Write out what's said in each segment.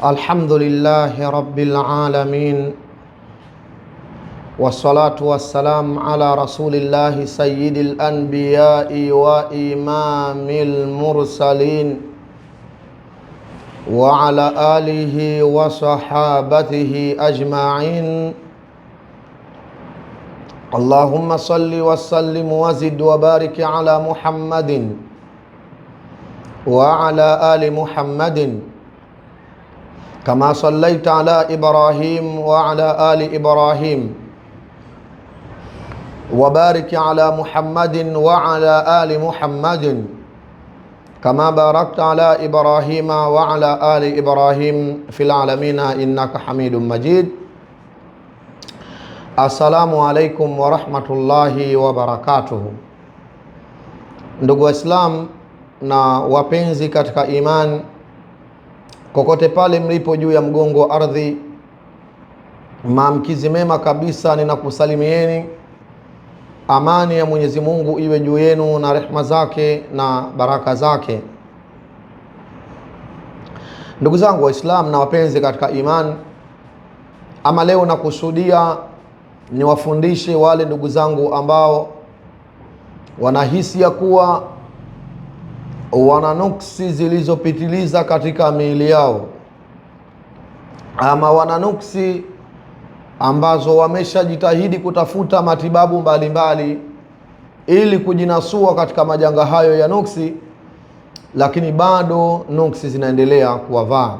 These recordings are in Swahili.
الحمد لله رب العالمين والصلاة والسلام على رسول الله سيد الأنبياء وإمام المرسلين وعلى آله وصحابته أجمعين اللهم صل وسلم وزد وبارك على محمد وعلى آل محمد كما صليت على إبراهيم وعلى آل إبراهيم وبارك على محمد وعلى آل محمد كما باركت على إبراهيم وعلى آل إبراهيم في العالمين إنك حميد مجيد السلام عليكم ورحمة الله وبركاته ndugu Waislamu na wapenzi katika imani kokote pale mlipo juu ya mgongo wa ardhi, maamkizi mema kabisa ninakusalimieni. Amani ya Mwenyezi Mungu iwe juu yenu na rehma zake na baraka zake. Ndugu zangu Waislamu na wapenzi katika imani, ama leo nakusudia niwafundishe wale ndugu zangu ambao wanahisi ya kuwa wana nuksi zilizopitiliza katika miili yao, ama wana nuksi ambazo wameshajitahidi kutafuta matibabu mbalimbali mbali, ili kujinasua katika majanga hayo ya nuksi, lakini bado nuksi zinaendelea kuwavaa.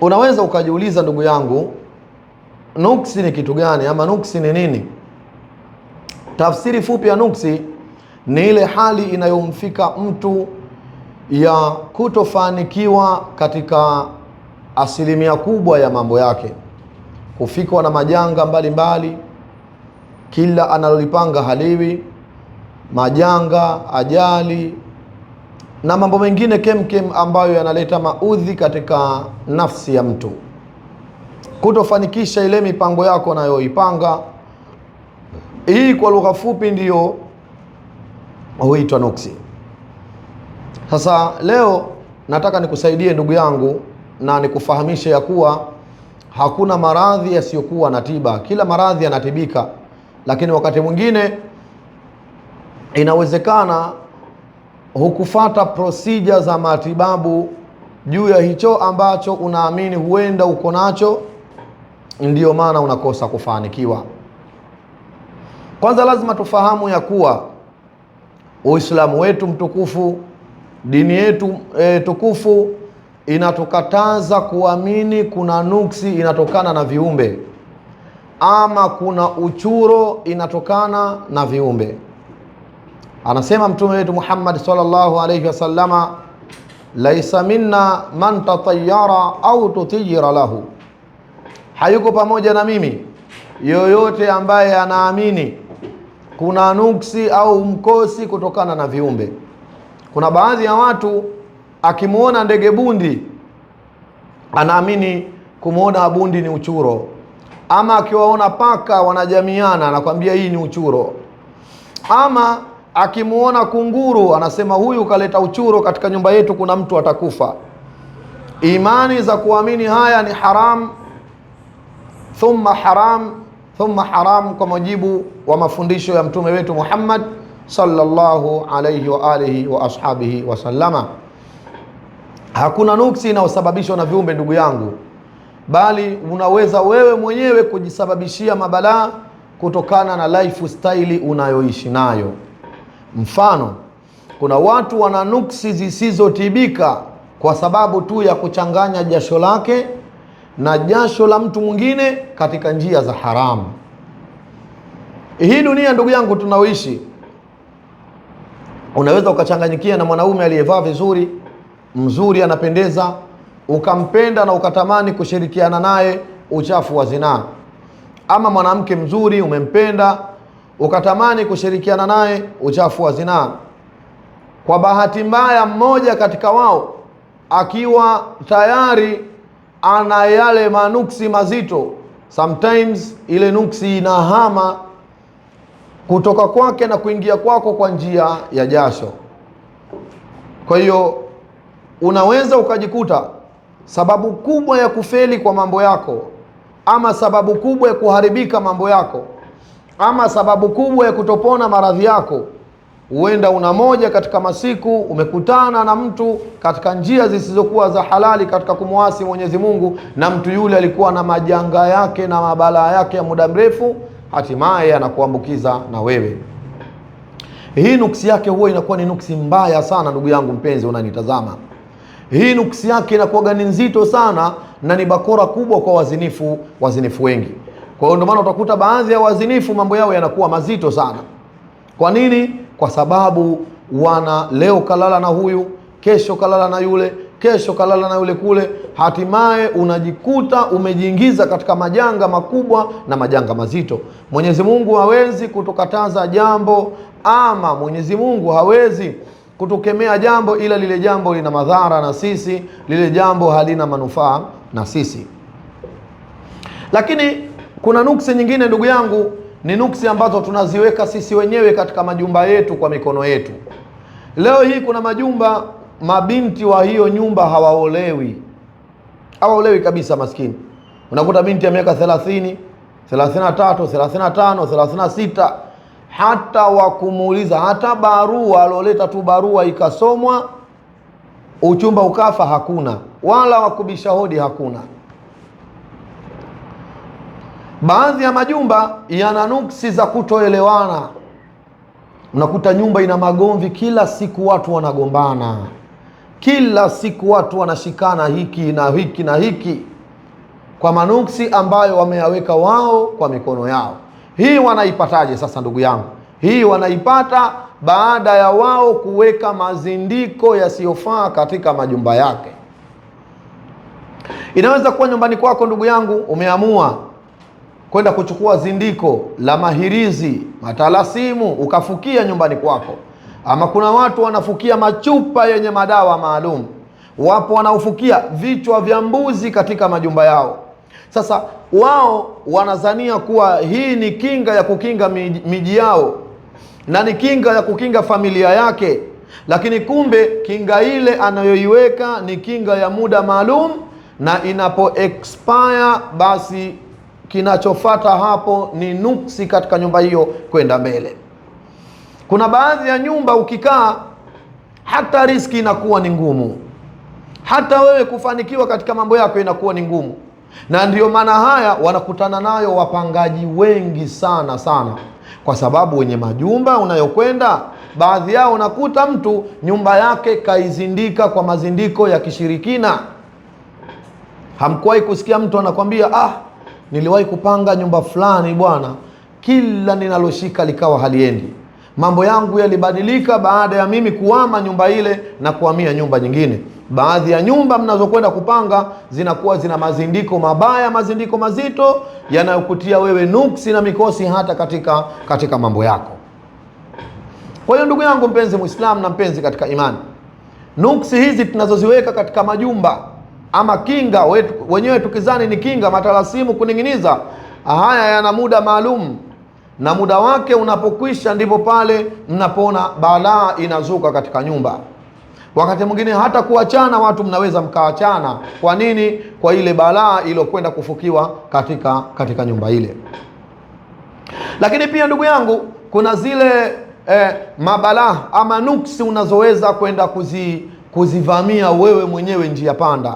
Unaweza ukajiuliza ndugu yangu, nuksi ni kitu gani? Ama nuksi ni nini? Tafsiri fupi ya nuksi ni ile hali inayomfika mtu ya kutofanikiwa katika asilimia kubwa ya mambo yake, kufikwa na majanga mbalimbali mbali, kila analolipanga haliwi, majanga, ajali na mambo mengine kemkem ambayo yanaleta maudhi katika nafsi ya mtu, kutofanikisha ile mipango yako anayoipanga. Hii kwa lugha fupi ndiyo huitwa nuksi. Sasa leo nataka nikusaidie ndugu yangu na nikufahamishe ya kuwa hakuna maradhi yasiyokuwa na tiba. Kila maradhi yanatibika, lakini wakati mwingine inawezekana hukufata prosija za matibabu juu ya hicho ambacho unaamini huenda uko nacho, ndiyo maana unakosa kufanikiwa. Kwanza lazima tufahamu ya kuwa Uislamu wetu mtukufu, dini yetu e, tukufu inatukataza kuamini kuna nuksi inatokana na viumbe ama kuna uchuro inatokana na viumbe. Anasema mtume wetu Muhammad sallallahu alayhi wasallama, laisa minna man tatayara au tutijira lahu, hayuko pamoja na mimi yoyote ambaye anaamini kuna nuksi au mkosi kutokana na viumbe. Kuna baadhi ya watu akimwona ndege bundi anaamini kumwona bundi ni uchuro, ama akiwaona paka wanajamiana anakwambia hii ni uchuro, ama akimwona kunguru anasema huyu kaleta uchuro katika nyumba yetu, kuna mtu atakufa. Imani za kuamini haya ni haram, thumma haram thumma haramu, kwa mujibu wa mafundisho ya mtume wetu Muhammad sallallahu alayhi wa alihi wa ashabihi sallama. Hakuna nuksi inayosababishwa na viumbe, ndugu yangu, bali unaweza wewe mwenyewe kujisababishia mabalaa kutokana na lifestyle unayoishi nayo. Mfano, kuna watu wana nuksi zisizotibika kwa sababu tu ya kuchanganya jasho lake na jasho la mtu mwingine katika njia za haramu. Hii dunia ndugu yangu tunaoishi, unaweza ukachanganyikia na mwanaume aliyevaa vizuri mzuri, anapendeza, ukampenda na ukatamani kushirikiana naye uchafu wa zinaa, ama mwanamke mzuri umempenda, ukatamani kushirikiana naye uchafu wa zinaa. Kwa bahati mbaya, mmoja katika wao akiwa tayari ana yale manuksi mazito, sometimes ile nuksi inahama kutoka kwake na kuingia kwako kwa njia ya jasho. Kwa hiyo unaweza ukajikuta sababu kubwa ya kufeli kwa mambo yako, ama sababu kubwa ya kuharibika mambo yako, ama sababu kubwa ya kutopona maradhi yako Huenda una moja katika masiku umekutana na mtu katika njia zisizokuwa za halali katika kumwasi Mwenyezi Mungu, na mtu yule alikuwa na majanga yake na mabalaa yake ya muda mrefu, hatimaye anakuambukiza na wewe. Hii nuksi yake huwa inakuwa ni nuksi mbaya sana, ndugu yangu mpenzi unanitazama. Hii nuksi yake inakuwa ni nzito sana na ni bakora kubwa kwa wazinifu, wazinifu wengi. Kwa hiyo ndio maana utakuta baadhi ya wazinifu mambo yao yanakuwa mazito sana. Kwa nini? kwa sababu wana leo kalala na huyu, kesho kalala na yule, kesho kalala na yule kule, hatimaye unajikuta umejiingiza katika majanga makubwa na majanga mazito. Mwenyezi Mungu hawezi kutukataza jambo ama Mwenyezi Mungu hawezi kutukemea jambo, ila lile jambo lina madhara na sisi, lile jambo halina manufaa na sisi. Lakini kuna nuksi nyingine ndugu yangu ni nuksi ambazo tunaziweka sisi wenyewe katika majumba yetu kwa mikono yetu. Leo hii kuna majumba, mabinti wa hiyo nyumba hawaolewi, hawaolewi kabisa. Maskini, unakuta binti ya miaka 30, 33, 35, 36 hata wakumuuliza hata barua alioleta tu barua ikasomwa, uchumba ukafa, hakuna wala wakubisha hodi hakuna. Baadhi ya majumba yana nuksi za kutoelewana. Unakuta nyumba ina magomvi kila siku, watu wanagombana kila siku, watu wanashikana hiki na hiki na hiki, kwa manuksi ambayo wameyaweka wao kwa mikono yao. Hii wanaipataje sasa, ndugu yangu? Hii wanaipata baada ya wao kuweka mazindiko yasiyofaa katika majumba yake. Inaweza kuwa nyumbani kwako, ndugu yangu, umeamua kwenda kuchukua zindiko la mahirizi matalasimu ukafukia nyumbani kwako, ama kuna watu wanafukia machupa yenye madawa maalum, wapo wanaofukia vichwa vya mbuzi katika majumba yao. Sasa wao wanazania kuwa hii ni kinga ya kukinga miji yao na ni kinga ya kukinga familia yake, lakini kumbe kinga ile anayoiweka ni kinga ya muda maalum, na inapo expire basi kinachofata hapo ni nuksi katika nyumba hiyo kwenda mbele. Kuna baadhi ya nyumba ukikaa, hata riski inakuwa ni ngumu, hata wewe kufanikiwa katika mambo yako inakuwa ni ngumu, na ndiyo maana haya wanakutana nayo wapangaji wengi sana sana, kwa sababu wenye majumba unayokwenda, baadhi yao unakuta mtu nyumba yake kaizindika kwa mazindiko ya kishirikina. Hamkuwahi kusikia mtu anakwambia ah niliwahi kupanga nyumba fulani bwana, kila ninaloshika likawa haliendi. Mambo yangu yalibadilika baada ya mimi kuhama nyumba ile na kuhamia nyumba nyingine. Baadhi ya nyumba mnazokwenda kupanga zinakuwa zina mazindiko mabaya, mazindiko mazito yanayokutia wewe nuksi na mikosi hata katika, katika mambo yako. Kwa hiyo ndugu yangu mpenzi Muislamu na mpenzi katika imani, nuksi hizi tunazoziweka katika majumba ama kinga wetu, wenyewe tukizani ni kinga, matalasimu kuning'iniza, haya yana muda maalum na muda wake unapokwisha ndipo pale mnapoona balaa inazuka katika nyumba. Wakati mwingine hata kuachana watu mnaweza mkaachana. Kwa nini? Kwa ile balaa iliyokwenda kufukiwa katika katika nyumba ile. Lakini pia ndugu yangu, kuna zile eh, mabalaa ama nuksi unazoweza kwenda kuzi, kuzivamia wewe mwenyewe njia panda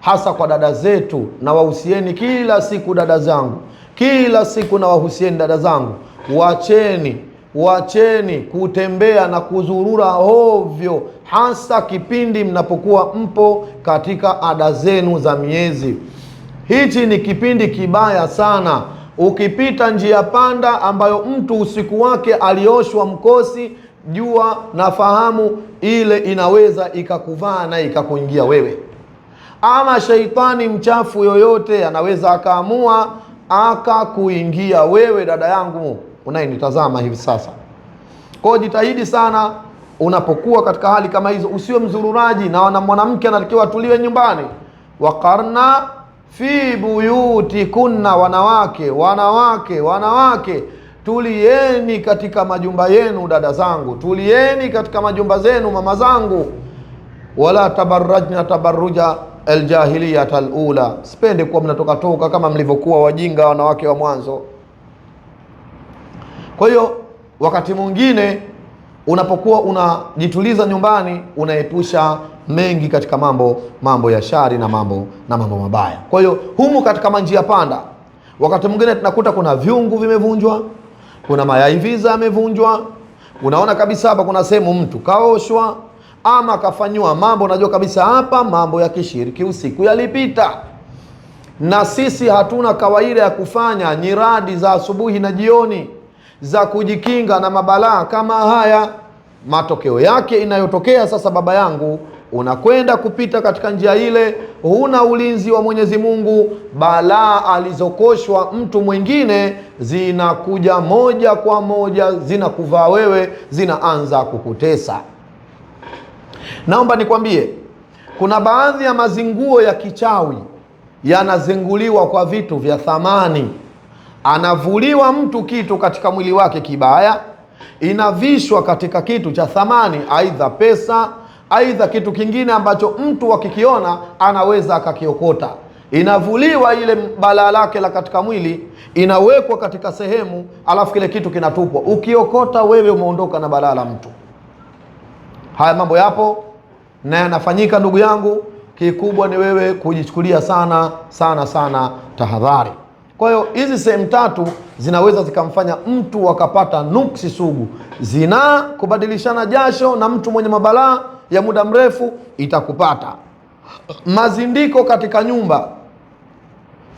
hasa kwa dada zetu, na wahusieni kila siku dada zangu, kila siku na wahusieni dada zangu, wacheni wacheni kutembea na kuzurura ovyo, hasa kipindi mnapokuwa mpo katika ada zenu za miezi. Hichi ni kipindi kibaya sana. Ukipita njia panda ambayo mtu usiku wake alioshwa mkosi, jua nafahamu ile inaweza ikakuvaa na ikakuingia wewe ama sheitani mchafu yoyote anaweza akaamua akakuingia wewe, dada yangu unayenitazama hivi sasa. kwao jitahidi sana unapokuwa katika hali kama hizo, usiwe mzururaji. Na mwanamke anatakiwa atuliwe nyumbani, wakarna fi kunna, wanawake wanawake wanawake Tulieni katika majumba yenu, dada zangu, tulieni katika majumba zenu, mama zangu, wala tabarrajna tabarruja aljahiliyata alula, sipende kuwa mnatoka toka kama mlivyokuwa wajinga wanawake wa mwanzo. Kwa hiyo wakati mwingine unapokuwa unajituliza nyumbani, unaepusha mengi katika mambo mambo ya shari na mambo na mambo mabaya. Kwa hiyo humu katika manjia panda, wakati mwingine tunakuta kuna vyungu vimevunjwa, kuna mayai viza yamevunjwa. Unaona kabisa hapa kuna sehemu mtu kaoshwa ama akafanyiwa mambo, najua kabisa hapa mambo ya kishiriki usiku yalipita, na sisi hatuna kawaida ya kufanya nyiradi za asubuhi na jioni za kujikinga na mabalaa kama haya. Matokeo yake inayotokea sasa, baba yangu, unakwenda kupita katika njia ile, huna ulinzi wa Mwenyezi Mungu, balaa alizokoshwa mtu mwingine zinakuja moja kwa moja, zinakuvaa wewe, zinaanza kukutesa. Naomba nikwambie, kuna baadhi ya mazinguo ya kichawi yanazinguliwa kwa vitu vya thamani. Anavuliwa mtu kitu katika mwili wake kibaya, inavishwa katika kitu cha thamani, aidha pesa, aidha kitu kingine ambacho mtu akikiona anaweza akakiokota. Inavuliwa ile balaa lake la katika mwili, inawekwa katika sehemu, alafu kile kitu kinatupwa. Ukiokota wewe umeondoka na balaa la mtu. Haya mambo yapo na yanafanyika ndugu yangu, kikubwa ni wewe kujichukulia sana sana sana tahadhari. Kwa hiyo hizi sehemu tatu zinaweza zikamfanya mtu akapata nuksi sugu: zinaa, kubadilishana jasho na mtu mwenye mabalaa ya muda mrefu itakupata. Mazindiko katika nyumba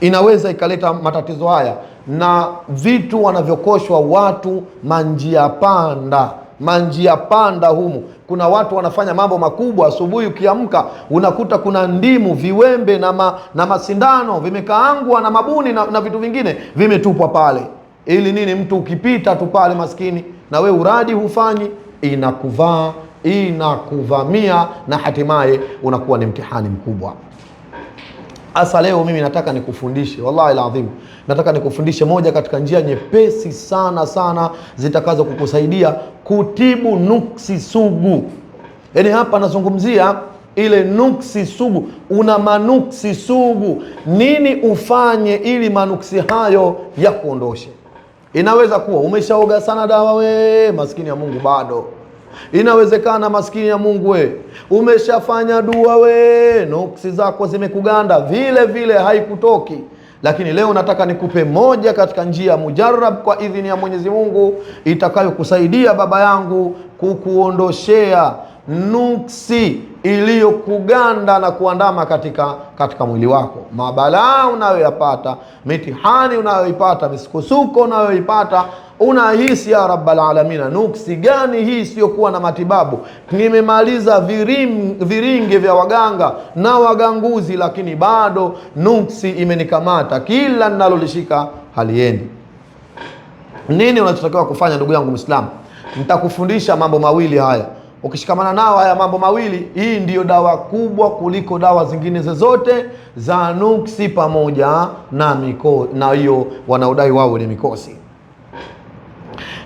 inaweza ikaleta matatizo haya, na vitu wanavyokoshwa watu, manjia panda, manjia panda humu kuna watu wanafanya mambo makubwa. Asubuhi ukiamka unakuta kuna ndimu, viwembe na, ma, na masindano vimekaangwa na mabuni na, na vitu vingine vimetupwa pale, ili nini? Mtu ukipita tu pale maskini, na we uradi hufanyi, inakuvaa inakuvamia, na hatimaye unakuwa ni mtihani mkubwa. Hasa leo mimi nataka nikufundishe, wallahi alazim nataka nikufundishe moja katika njia nyepesi sana sana zitakazo kukusaidia kutibu nuksi sugu. Yaani hapa nazungumzia ile nuksi sugu. Una manuksi sugu, nini ufanye ili manuksi hayo ya kuondoshe? Inaweza kuwa umeshaoga sana dawa, we maskini ya Mungu bado Inawezekana maskini ya Mungu we umeshafanya dua we, nuksi zako zimekuganda vile vile, haikutoki lakini leo nataka nikupe moja katika njia mujarab kwa idhini ya Mwenyezi Mungu itakayokusaidia baba yangu kukuondoshea nuksi iliyokuganda na kuandama katika katika mwili wako, mabalaa unayoyapata, mitihani unayoipata, misukosuko unayoipata, unahisi ya rabbal alamina, nuksi gani hii isiyokuwa na matibabu? Nimemaliza viringi vya waganga na waganguzi, lakini bado nuksi imenikamata, kila ninalolishika haliendi. Nini unachotakiwa kufanya, ndugu yangu Mwislamu? Nitakufundisha mambo mawili haya Ukishikamana nao haya mambo mawili, hii ndiyo dawa kubwa kuliko dawa zingine zozote za nuksi pamoja na miko, na hiyo wanaodai wao ni mikosi.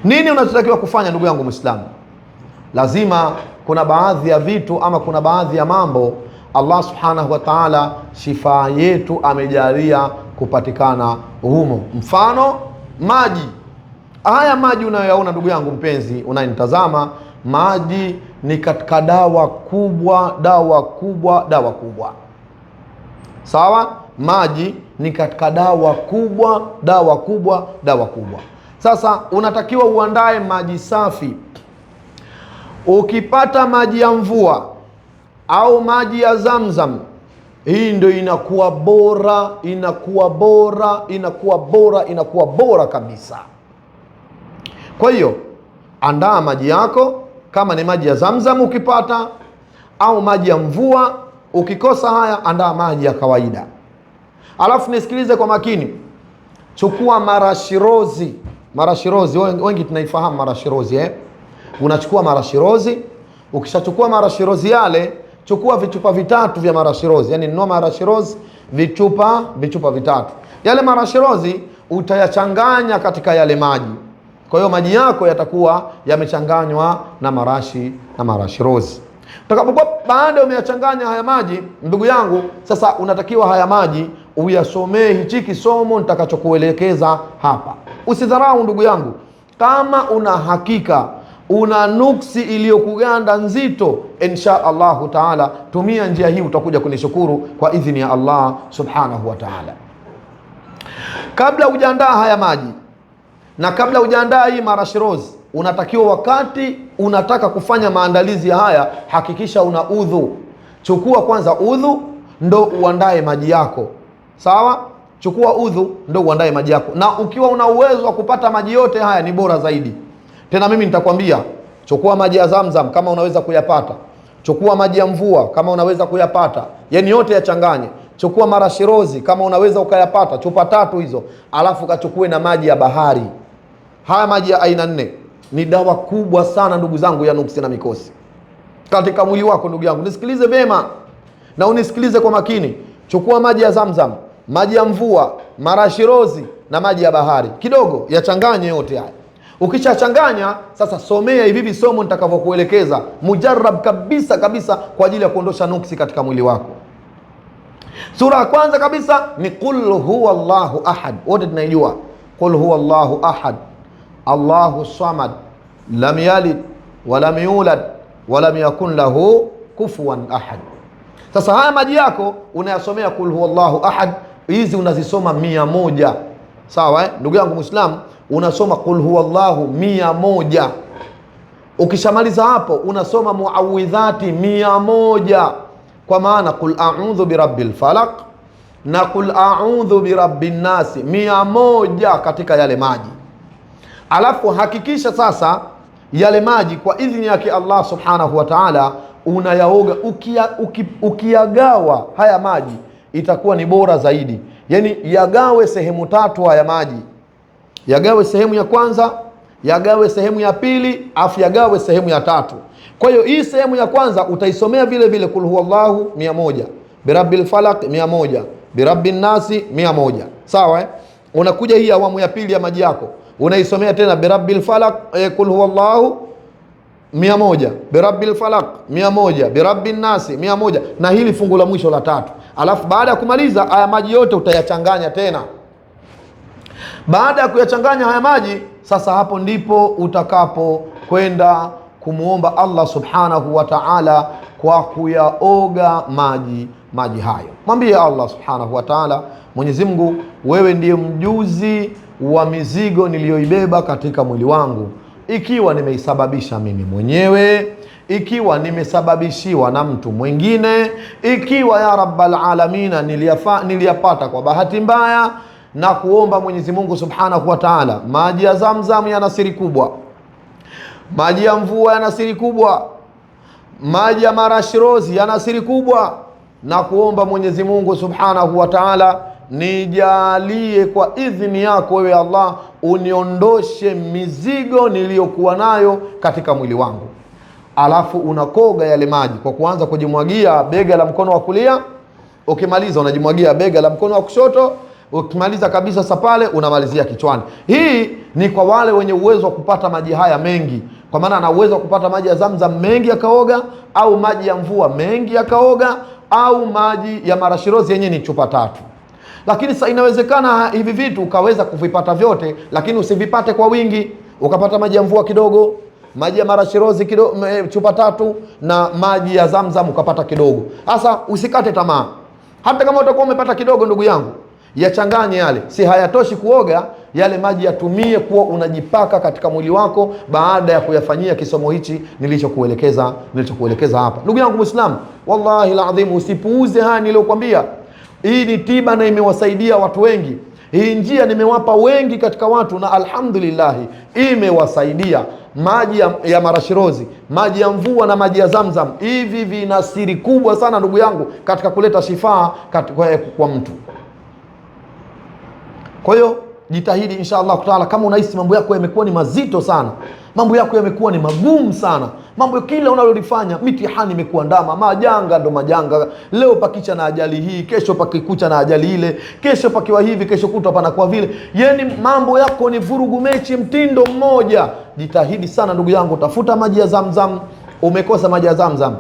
Nini unachotakiwa kufanya ndugu yangu Mwislamu? Lazima kuna baadhi ya vitu ama kuna baadhi ya mambo Allah subhanahu wa taala shifaa yetu amejalia kupatikana humo, mfano maji. Haya maji unayoyaona ndugu yangu mpenzi unayenitazama maji ni katika dawa kubwa, dawa kubwa, dawa kubwa. Sawa, maji ni katika dawa kubwa, dawa kubwa, dawa kubwa. Sasa unatakiwa uandae maji safi. Ukipata maji ya mvua au maji ya Zamzam, hii ndio inakuwa bora, inakuwa bora, inakuwa bora, inakuwa bora kabisa. Kwa hiyo andaa maji yako kama ni maji ya Zamzam ukipata au maji ya mvua. Ukikosa haya, andaa maji ya kawaida. Alafu nisikilize kwa makini, chukua marashirozi. Marashirozi wengi tunaifahamu marashirozi eh? Unachukua marashirozi. Ukishachukua marashirozi yale, chukua vichupa vitatu vya marashirozi, yani nunua marashirozi vichupa vichupa vitatu. Yale marashirozi utayachanganya katika yale maji kwa hiyo maji yako yatakuwa yamechanganywa na marashi na marashi rozi. Utakapokuwa baada umeyachanganya haya maji, ndugu yangu, sasa unatakiwa haya maji uyasomee hichi kisomo nitakachokuelekeza hapa. Usidharau ndugu yangu, kama una hakika una nuksi iliyokuganda nzito, insha Allahu taala, tumia njia hii, utakuja kunishukuru kwa idhini ya Allah subhanahu wa taala. Kabla hujaandaa haya maji na kabla hujaandaa hii rose unatakiwa wakati unataka kufanya maandalizi haya, hakikisha una udhu. Chukua kwanza udhu, ndo uandae maji yako, sawa? Chukua udhu, ndo uandae maji yako, na ukiwa una uwezo wa kupata maji yote haya ni bora zaidi. Tena mimi nitakwambia, chukua maji ya Zamzam kama unaweza kuyapata, chukua maji ya mvua kama unaweza kuyapata, yani yote yachanganye chukua marashirozi kama unaweza ukayapata, chupa tatu hizo, alafu kachukue na maji ya bahari. Haya maji ya aina nne ni dawa kubwa sana ndugu zangu ya nuksi na mikosi katika mwili wako. Ndugu yangu nisikilize vyema na unisikilize kwa makini. Chukua maji ya Zamzam, maji ya mvua, marashirozi na maji ya bahari kidogo, yachanganye yote haya. Ukishachanganya sasa, somea hivi hivi somo nitakavyokuelekeza, mujarab kabisa kabisa, kwa ajili ya kuondosha nuksi katika mwili wako. Sura ya kwanza kabisa ni qul huwa llahu ahad, wote tunaijua qul huwa llahu ahad Allahu samad lam yalid walam yulad walam yakun lahu kufuwan ahad. Sasa haya maji yako unayasomea kul huwallahu ahad, hizi unazisoma mia moja sawa eh? Ndugu yangu Muislamu, unasoma kul huwallahu mia moja Ukishamaliza hapo unasoma muawidhati mia moja kwa maana kul audhu birabbil falaq na kul audhu birabbin nasi mia moja katika yale maji alafu hakikisha sasa yale maji kwa idhini yake Allah subhanahu wa ta'ala unayaoga Ukiyagawa uki, ukiyagawa haya maji itakuwa ni bora zaidi. Yani yagawe sehemu tatu haya maji, yagawe sehemu ya kwanza, yagawe sehemu ya pili, afu yagawe sehemu ya tatu. Kwa hiyo hii sehemu ya kwanza utaisomea vile vile kul huwallahu mia moja birabbil falaq mia moja birabbin nasi mia moja sawa eh? Unakuja hii awamu ya pili ya maji yako unaisomea tena birabbil falaq e, eh, kul huwallahu mia moja birabbil falaq mia moja birabbin nasi mia moja na hili fungu la mwisho la tatu. Alafu baada ya kumaliza haya maji yote utayachanganya tena. Baada ya kuyachanganya haya maji sasa, hapo ndipo utakapo kwenda kumwomba Allah subhanahu wa ta'ala kwa kuyaoga maji maji hayo. Mwambie Allah subhanahu wa ta'ala, Mwenyezi Mungu, wewe ndiye mjuzi wa mizigo niliyoibeba katika mwili wangu, ikiwa nimeisababisha mimi mwenyewe, ikiwa nimesababishiwa na mtu mwingine, ikiwa ya rabbal alamina niliyafa, niliyapata kwa bahati mbaya, na kuomba Mwenyezi Mungu subhanahu wa taala. Maji ya Zamzam yana siri kubwa, maji ya mvua yana siri kubwa, maji ya marashrozi yana siri kubwa, na kuomba Mwenyezi Mungu subhanahu wa taala nijalie kwa idhini yako wewe Allah, uniondoshe mizigo niliyokuwa nayo katika mwili wangu. Alafu unakoga yale maji kwa kuanza kujimwagia bega la mkono wa kulia, ukimaliza unajimwagia bega la mkono wa kushoto, ukimaliza kabisa sasa pale unamalizia kichwani. Hii ni kwa wale wenye uwezo wa kupata maji haya mengi, kwa maana ana uwezo wa kupata maji ya Zamzam mengi yakaoga, au maji ya mvua mengi yakaoga, au maji ya marashirozi yenye ni chupa tatu. Lakini sasa inawezekana hivi vitu ukaweza kuvipata vyote, lakini usivipate kwa wingi, ukapata maji ya mvua kidogo, maji ya marashirozi kidogo, eh, chupa tatu na maji ya Zamzam ukapata kidogo. Sasa usikate tamaa, hata kama utakuwa umepata kidogo, ndugu yangu, yachanganye yale. Si hayatoshi kuoga yale maji yatumie kuwa unajipaka katika mwili wako, baada ya kuyafanyia kisomo hichi nilichokuelekeza nilichokuelekeza hapa. Ndugu yangu Muislamu, wallahi aladhim, usipuuze haya niliyokuambia. Hii ni tiba na imewasaidia watu wengi. Hii njia nimewapa wengi katika watu na alhamdulillahi imewasaidia. Maji ya, ya marashirozi, maji ya mvua na maji ya Zamzam, hivi vina siri kubwa sana ndugu yangu katika kuleta shifaa kwa mtu. Kwa hiyo Jitahidi insha allahu taala, kama unahisi mambo yako yamekuwa ni mazito sana, mambo yako yamekuwa ni magumu sana, mambo kila unalolifanya mitihani imekuandama, majanga ndo majanga. Leo pakicha na ajali hii, kesho pakikucha na ajali ile, kesho pakiwa hivi, kesho kutwa panakuwa vile, yani mambo yako ni vurugu mechi, mtindo mmoja. Jitahidi sana ndugu yangu, tafuta maji ya Zamzam. Umekosa maji ya Zamzam,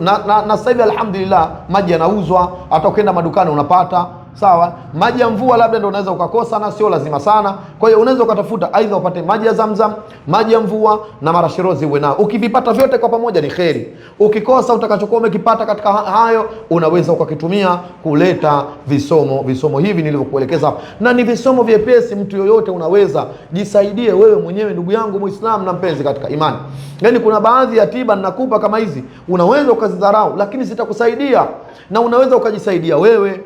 na, na, na sasa hivi alhamdulillah maji yanauzwa, hata ukienda madukani unapata sawa. Maji ya mvua labda ndio unaweza ukakosa, na sio lazima sana. Kwa hiyo unaweza ukatafuta aidha upate maji ya Zamzam, maji ya mvua na marashirozi uwe nao. Ukivipata vyote kwa pamoja ni kheri. Ukikosa utakachokuwa umekipata katika hayo, unaweza ukakitumia kuleta visomo, visomo hivi nilivyokuelekeza hapa, na ni visomo vyepesi, mtu yoyote unaweza jisaidie wewe mwenyewe, ndugu yangu Muislamu na mpenzi katika imani. Yaani kuna baadhi ya tiba ninakupa kama hizi, unaweza ukazidharau, lakini zitakusaidia na unaweza ukajisaidia wewe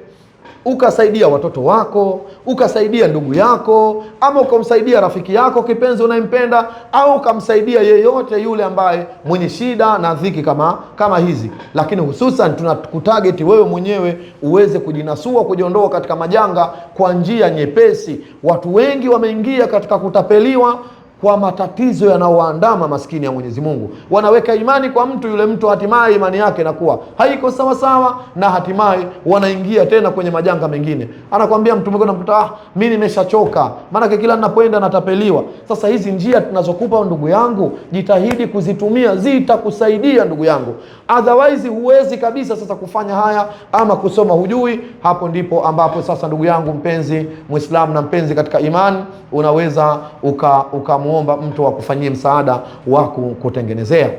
ukasaidia watoto wako, ukasaidia ndugu yako, ama ukamsaidia rafiki yako kipenzi unayempenda, au ukamsaidia yeyote yule ambaye mwenye shida na dhiki kama kama hizi. Lakini hususan tunakutageti wewe mwenyewe uweze kujinasua, kujiondoa katika majanga kwa njia nyepesi. Watu wengi wameingia katika kutapeliwa kwa matatizo yanaoandama maskini ya Mwenyezi Mungu. Wanaweka imani kwa mtu yule mtu, hatimaye imani yake inakuwa haiko sawa sawa, na hatimaye wanaingia tena kwenye majanga mengine. Anakwambia mtu mwingine namkuta, ah, mimi nimeshachoka, maanake kila ninapoenda natapeliwa. Sasa hizi njia tunazokupa ndugu yangu, jitahidi kuzitumia, zitakusaidia ndugu yangu, otherwise huwezi kabisa sasa kufanya haya ama kusoma hujui. Hapo ndipo ambapo sasa, ndugu yangu mpenzi Muislamu na mpenzi katika imani, unaweza uka, uka kumwomba mtu akufanyie msaada wa kutengenezea.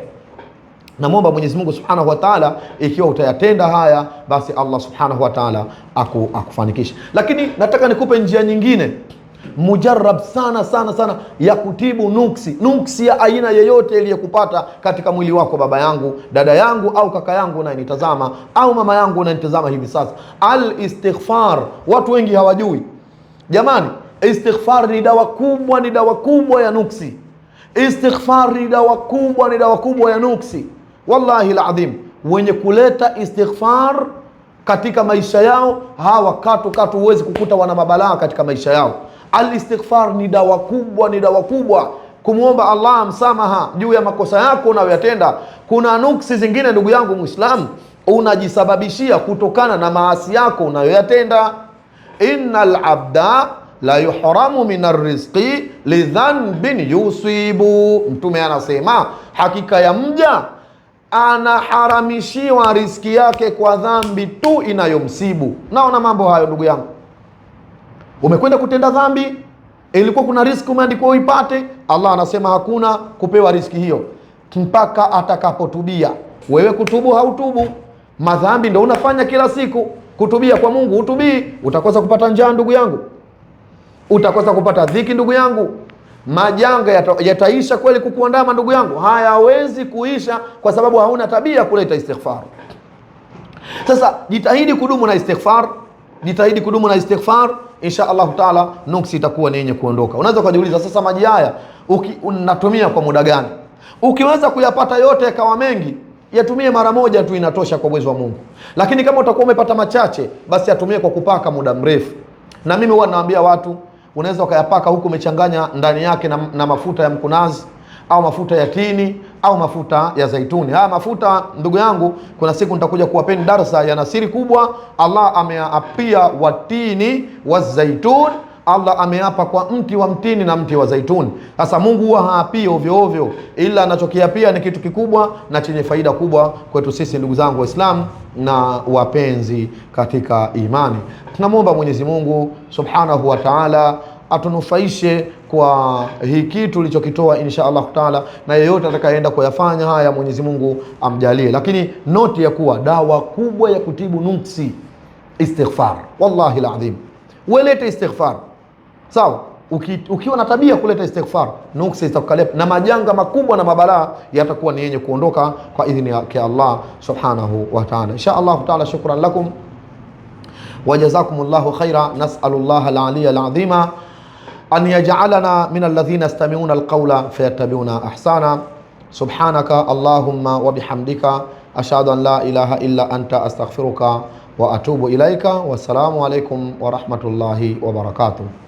Namwomba Mwenyezi Mungu Subhanahu wa Ta'ala, ikiwa utayatenda haya basi Allah Subhanahu wa Ta'ala aku, akufanikishe. Lakini nataka nikupe njia nyingine mujarab sana sana sana ya kutibu nuksi, nuksi ya aina yeyote iliyokupata katika mwili wako, baba yangu, dada yangu, au kaka yangu unayenitazama, au mama yangu unayenitazama hivi sasa, al istighfar. Watu wengi hawajui jamani. Istighfar ni dawa kubwa, ni dawa kubwa ya nuksi. Istighfar ni dawa kubwa, ni dawa kubwa ya nuksi. Wallahi ladhim, wenye kuleta istighfar katika maisha yao hawa katu katu, huwezi kukuta wana mabalaa katika maisha yao. Alistighfar ni dawa kubwa, ni dawa kubwa kumwomba Allah msamaha juu ya makosa yako unayoyatenda. Kuna nuksi zingine, ndugu yangu Muislamu, unajisababishia kutokana na maasi yako unayoyatenda. innal abda la yuhramu min arrizqi lidhanbin yusibu, Mtume anasema hakika ya mja anaharamishiwa riski yake kwa dhambi tu inayomsibu. Naona mambo hayo, ndugu yangu, umekwenda kutenda dhambi, ilikuwa kuna riski umeandikiwa uipate. Allah anasema hakuna kupewa riski hiyo mpaka atakapotubia. Wewe kutubu hautubu, madhambi ndo unafanya kila siku, kutubia kwa Mungu hutubii, utakosa kupata njaa, ndugu yangu utakosa kupata dhiki ndugu yangu. Majanga yata, yataisha kweli kukuandama ndugu yangu? Hayawezi kuisha kwa sababu hauna tabia kuleta istighfar. Sasa jitahidi kudumu na istighfar, jitahidi kudumu na istighfar, insha Allahu taala nuksi itakuwa ni yenye kuondoka. Unaweza ukajiuliza sasa, maji haya unatumia kwa muda gani? Ukiweza kuyapata yote yakawa mengi yatumie mara moja tu, inatosha kwa uwezo wa Mungu. Lakini kama utakuwa umepata machache, basi yatumie kwa kupaka muda mrefu. Na mimi huwa naambia watu unaweza ukayapaka huku umechanganya ndani yake na, na mafuta ya mkunazi au mafuta ya tini au mafuta ya zaituni. Haya mafuta ndugu yangu, kuna siku nitakuja kuwapeni darsa, yana siri kubwa. Allah ameapia watini wa zaituni Allah ameapa kwa mti wa mtini na mti wa zaituni. Sasa Mungu huwa haapii ovyo ovyo, ila anachokiapia ni kitu kikubwa na chenye faida kubwa kwetu sisi, ndugu zangu Waislamu na wapenzi katika imani. Tunamwomba Mwenyezi Mungu subhanahu wa taala atunufaishe kwa hiki tulichokitoa insha Allah taala, na yeyote atakayeenda kuyafanya haya Mwenyezi Mungu amjalie. Lakini noti ya kuwa dawa kubwa ya kutibu nuksi istighfar, wallahi alazim, welete istighfar sawa. Uki, ukiwa na tabia kuleta istighfar nuksi zitakukalia na majanga makubwa na mabalaa yatakuwa ni yenye kuondoka kwa idhini yake Allah subhanahu wa ta'ala, insha Allah taala. Shukran lakum wa jazakumullahu khaira, nas'alullaha al-aliyya al-azima an yaj'alana min alladhina yastami'una al-qawla fayattabi'una ahsana. Subhanaka allahumma wa bihamdika ashhadu an la ilaha illa anta astaghfiruka wa atubu ilaika. Wassalamu alaykum wa rahmatullahi wa barakatuh.